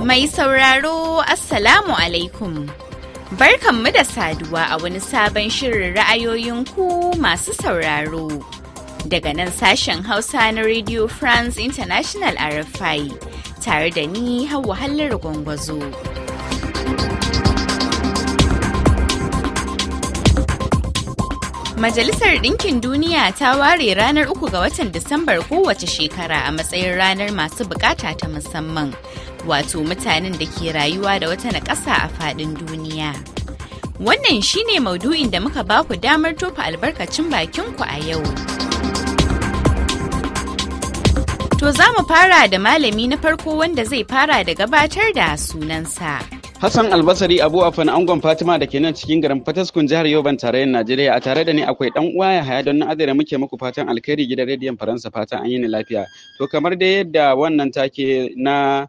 Mai sauraro Assalamu alaikum. Barkanmu da saduwa a wani sabon shirin ra'ayoyin ku masu sauraro. Daga nan sashen Hausa na Radio France International RFI tare da ni Hauwa Hallar Gwangwazo. Majalisar Ɗinkin Duniya ta ware ranar uku ga watan Disambar kowace shekara a matsayin ranar masu bukata ta musamman, wato mutanen da ke rayuwa da wata na ƙasa a faɗin duniya. Wannan shine maudu'in da muka baku damar tofa albarkacin bakin ku a yau. To za mu fara da malami na farko wanda zai fara da gabatar da sunansa. Hassan Albasari Abu Afan Angon Fatima da ke nan cikin garin Fataskun jihar Yoban tarayyar Najeriya a tare da ni akwai dan uwa ya haya don na azira muke muku fatan alkhairi gidan rediyon Faransa fatan an yi ni lafiya. To kamar dai yadda wannan take na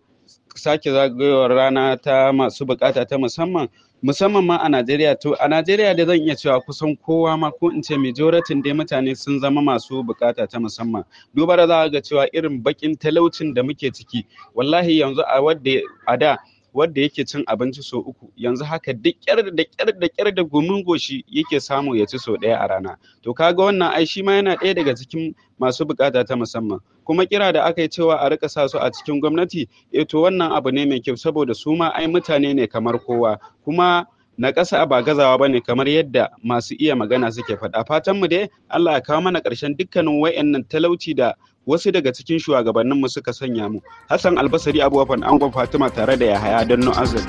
sake zagayowar rana ta masu bukata ta musamman musamman ma a Najeriya to a Najeriya da zan iya cewa kusan kowa ma ko in ce majoratin dai mutane sun zama masu bukata ta musamman duba da za ga cewa irin bakin talaucin da muke ciki wallahi yanzu a wadda a da wanda yake cin abinci sau uku yanzu haka da kyar da kyar da kyar da gumin goshi yake samu ya ci sau ɗaya a rana to kaga wannan ai shi ma yana ɗaya daga cikin masu bukata ta musamman kuma kira da aka yi cewa a rika sa su a cikin gwamnati eh to wannan abu ne mai kyau saboda su ma ai mutane ne kamar kowa kuma na ƙasa ba gazawa ba ne kamar yadda masu iya magana suke faɗa fatan mu dai Allah ya kawo mana ƙarshen dukkanin wayannan talauci da wasu daga cikin shugabanninmu suka sanya mu hassan albasari abubakar angon fatima tare da yahaya nu azal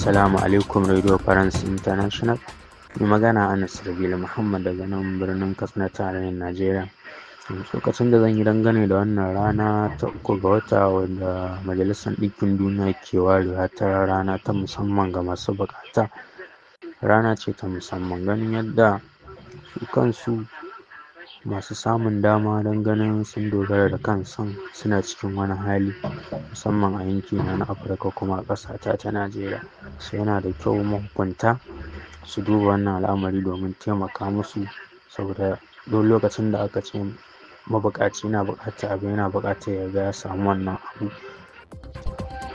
Salamu alaikum radio france international mai magana anas rabil muhammad daga nan birnin katsina tarayyar najeriya lokacin da zan yi dangane da wannan rana ta uku ga wata wadda majalisar ɗinkin duniya ke ware ta rana ta musamman ga masu bukata rana ce ta musamman ganin yadda kansu masu samun dama don ganin sun dogara da kansu suna cikin wani hali musamman a yanki na afirka kuma a ƙasata ta najeriya su yana da kyau mahukunta su duba wannan al'amari domin taimaka musu saboda don lokacin da aka ce mabukaci na buƙatar abu yana bukatar ya ga ya samu wannan abu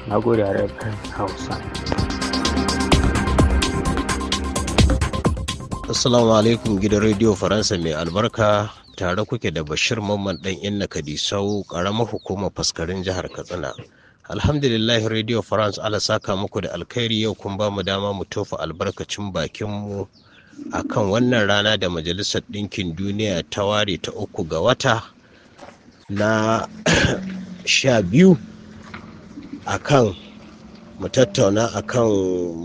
na gode a hausa Assalamu alaikum gidan rediyo Faransa mai albarka tare kuke da Bashir Mamman dan Inna Kadisau karamar hukumar faskarin jihar Katsina. Alhamdulillah rediyo faransa ala saka muku da alkhairi yau kun ba mu dama mu tofa albarkacin bakin mu akan wannan rana da Majalisar Ɗinkin Duniya ta ware ta uku ga wata na sha biyu a mu tattauna a kan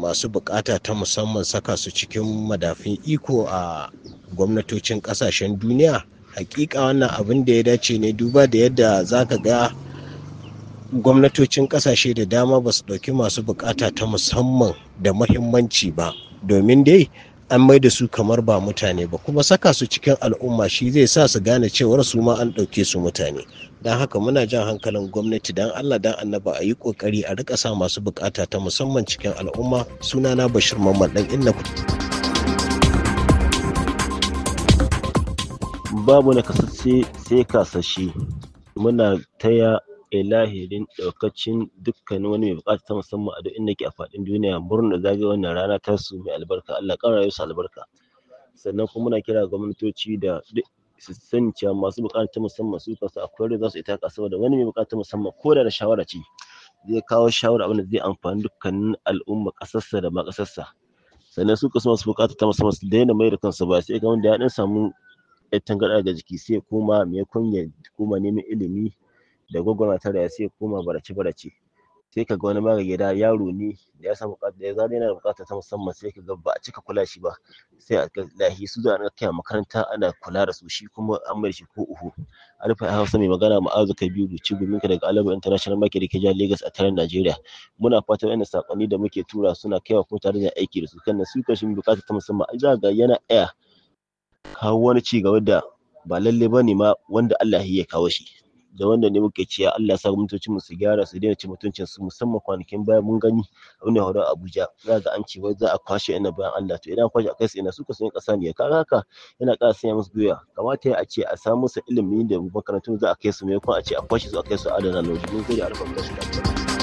masu bukata ta musamman saka su cikin madafin iko a gwamnatocin kasashen duniya hakika wannan abin da ya dace ne duba da yadda za ka ga gwamnatocin kasashe da dama ba su ɗauki masu bukata ta musamman da muhimmanci ba domin dai an mai da su kamar ba mutane ba kuma saka su cikin al'umma shi zai sa su gane cewar su ma an ɗauke su mutane don haka muna jan hankalin gwamnati don allah don annaba a yi ƙoƙari a rika sa masu bukata ta musamman cikin al'umma sunana bashir mamman ɗan inna babu na kasashe sai kasashe muna taya lahirin daukacin dukkanin wani mai bukata ta musamman a duk inda ke a faɗin duniya murna zagaye wannan rana ta su mai albarka Allah ƙara su albarka sannan kuma muna kira gwamnatoci da duk su sani cewa masu bukata ta musamman su kansu akwai da za su ita kasuwa da wani mai bukata ta musamman ko da shawara ce zai kawo shawara abinda zai amfani dukkanin al'umma ƙasarsa da ma ƙasarsa sannan su kasu masu bukata ta musamman su daina mai da kansu ba sai ga wanda ya ɗan samu ya gaɗa ga jiki sai koma mai ya koma neman ilimi da gwagwarmaya tare da sai ya koma barace barace sai ka ga wani mara gida yaro ne da ya samu da ya zama yana bukata ta musamman sai ka ga ba a cika kula shi ba sai a lahi su da na kai makaranta ana kula da su shi kuma an bar shi ko uhu alfa hausa mai magana ma'azu biyu gumin ka daga alaba international market da ke jihar lagos a taron najeriya muna fata yana sakonni da muke tura suna kaiwa ko tare da aiki da su kan su shi bukata ta musamman a ga yana aya kawo wani ci gaba da ba lalle ba ne ma wanda Allah ya kawo shi da wannan ne muke cewa Allah sa gwamnatocin mu su gyara su daina ci mutuncin su musamman kwanakin baya mun gani abu da hore Abuja za ga an ce wai za a kwashe ina bayan Allah to idan kwashe kai su ina su ka san kasa ne kaga haka yana ƙara sanya musu doya kamata ya a ce a samu su ilimi da makarantun za a kai su kuma a ce a kwashe su a kai su adana na mun gode alfa da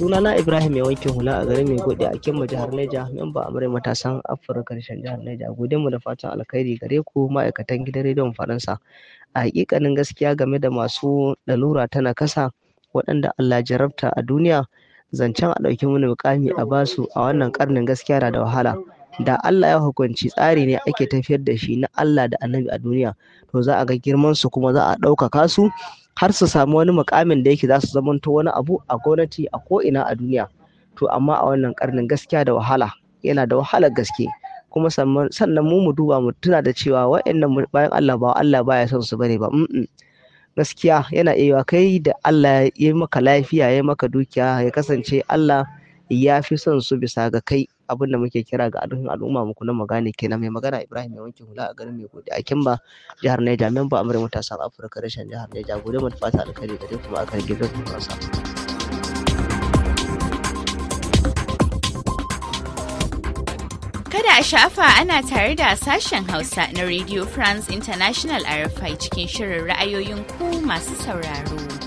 sunana ibrahim ya wanke hula a garin mai a kimma jihar neja memba amurai matasan afirka karshen jihar neja gode mu da fatan alkhairi gare ku ma'aikatan gidan rediyon faransa a hakikanin gaskiya game da masu lalura ta nakasa waɗanda allah jarabta a duniya zancen a ɗauki wani mukami a basu a wannan karnin gaskiya na da wahala da Allah ya hukunci tsari ne ake tafiyar da shi na Allah da annabi a duniya to za a ga girman su kuma za a ɗaukaka su har su samu wani mukamin da yake za su zamanto wani abu a gwamnati a ko'ina a duniya to amma a wannan karnin gaskiya da wahala yana da wahalar gaske kuma sannan mu mu duba mu tuna da cewa wa'annan bayan Allah ba Allah baya son su bane ba gaskiya yana iya kai da Allah ya yi maka lafiya ya yi maka dukiya ya kasance Allah ya fi son su bisa ga kai abin da muke kira ga ainihin al'umma mu kula mu gane kenan mai magana Ibrahim mai wanke hula a garin mai gode a Kimba jihar Niger memba amurin matasan Afirka rashin jihar Niger gode mu fata alkhairi gare kuma kan gidan sa. Kada a shafa ana tare da sashen Hausa na Radio France International RFI cikin shirin ra'ayoyin ku masu sauraro.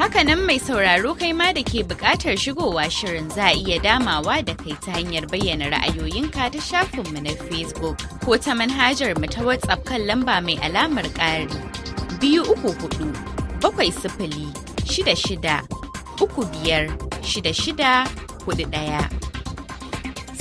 Hakanan mai sauraro kai ma da ke buƙatar shigowa shirin za a iya damawa da kai ta hanyar bayyana ra'ayoyinka ta shafinmu na Facebook ko ta manhajar mu ta WhatsApp kan lamba mai alamar ƙari. Biyu uku hudu, bakwai sifili, shida shida, uku biyar, shida shida, hudu ɗaya.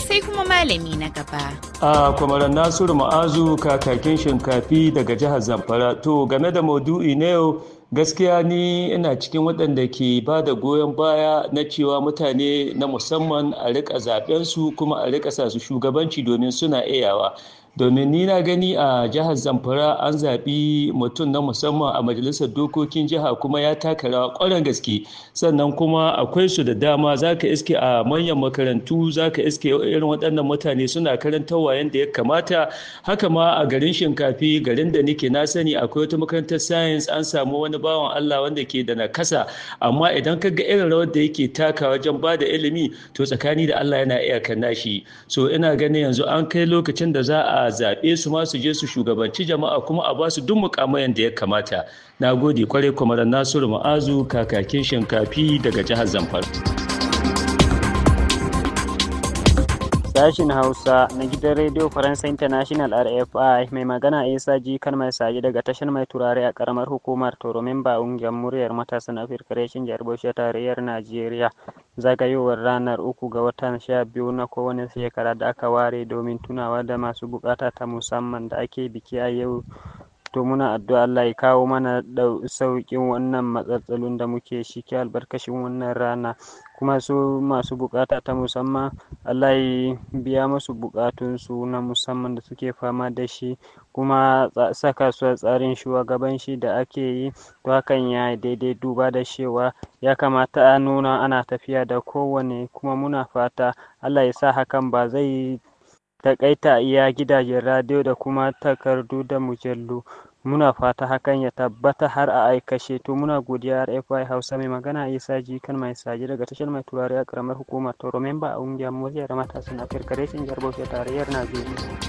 sai kuma malami na gaba. A kwamaran Nasiru Ma'azu kakakin shinkafi daga jihar Zamfara to game da maudu'i na yau gaskiya ni ina cikin waɗanda ke ba da goyon baya na cewa mutane na musamman a rika zaɓensu kuma a rika sa su shugabanci domin suna iyawa domin ni na gani a jihar zamfara an zaɓi mutum na musamman a majalisar dokokin jiha kuma ya taka rawa ƙwarar gaske sannan kuma akwai su da dama za ka iske a manyan makarantu za ka iske irin waɗannan mutane suna karantarwa yadda ya kamata haka ma a garin shinkafi garin da nake na sani akwai wata makarantar science an samu wani bawan allah wanda ke da nakasa amma idan ka ga irin rawar da yake taka wajen ba da ilimi to tsakani da allah yana iyakar shi. so ina ganin yanzu an kai lokacin da za a a zaɓe su ma su je su shugabanci jama'a kuma a ba su duk mukamayan da ya kamata na gode kwarai kwamaran nasiru ma'azu kakakin shinkafi daga jihar zamfara Sashin Hausa na gidan Radio Faransa International RFI mai magana Isa ji kan mai saji daga tashar mai turare a karamar hukumar Toro memba ungiyar muryar matasan Afirka reshin jihar Bauchi tarayyar Najeriya zagayowar ranar uku ga watan sha biyu na kowane shekara da aka ware domin tunawa da masu bukata ta musamman da ake biki a yau to muna addu'a Allah ya kawo mana sauƙin wannan matsalolin da muke shi ke albarkashin wannan rana kuma su masu bukata ta musamman Allah ya biya masu bukatunsu na musamman da suke fama da shi kuma saka su a tsarin shi da ake yi to hakan ya daidai duba da cewa ya kamata a nuna ana tafiya da kowane kuma muna fata Allah ya sa hakan ba zai takaita iya gidajen radiyo da kuma takardu da mujallu muna fata hakan ya tabbata har a aikace to muna godiya rfi hausa mai magana isa jikan mai saji daga tashar mai turare a karamar hukumar toro memba a ungiyar mata matasan afirka reshen jar bauchi tarayyar najeriya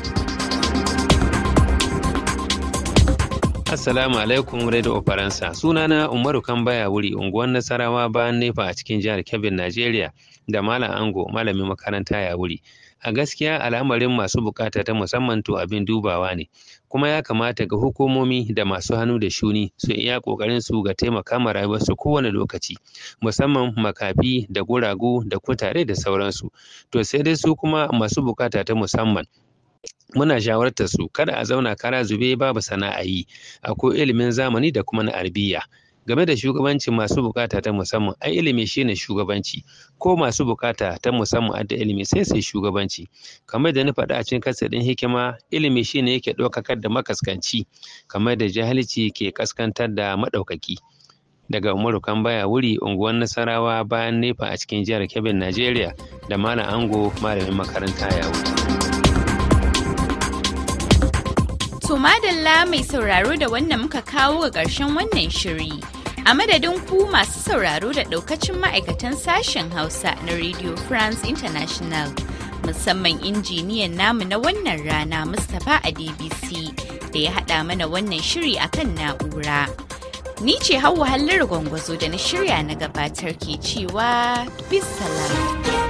Assalamu alaikum Radio Faransa. Sunana Umaru Kambaya wuri unguwar Nasarawa bayan nefa a cikin jihar Kebbi, Najeriya. da malam ango malamin makaranta ya wuri a gaskiya al'amarin masu bukata ta musamman to abin dubawa ne kuma ya kamata ga hukumomi da masu hannu da shuni su iya kokarin su ga taimaka ma rayuwarsu kowane lokaci musamman makafi da guragu da kutare da sauransu to sai dai su kuma masu bukata ta musamman muna shawartar su kada a zauna kara zube babu sana'a yi akwai ilimin zamani da kuma na arbiya game da shugabancin masu bukata ta musamman ai ilimi shine shugabanci ko masu bukata ta musamman a da ilimi sai sai shugabanci kamar da na faɗa a cikin kasadin hikima ilimi shine yake ɗaukakar da makaskanci kamar da jahilci ke kaskantar da maɗaukaki daga umaru baya wuri unguwar nasarawa bayan nefa a cikin jihar kebbi najeriya da malam ango malamin makaranta ya wuce. To madalla mai sauraro da wannan muka kawo ga ƙarshen wannan shiri. A madadin ku masu sauraro da ɗaukacin ma'aikatan sashen Hausa na Radio France International, musamman injiniyan namu na wannan rana Mustapha a DBC da ya haɗa mana wannan shiri akan na'ura. Ni ce hau wahalar Gwangwazo da na shirya na gabatar ke cewa bisalam.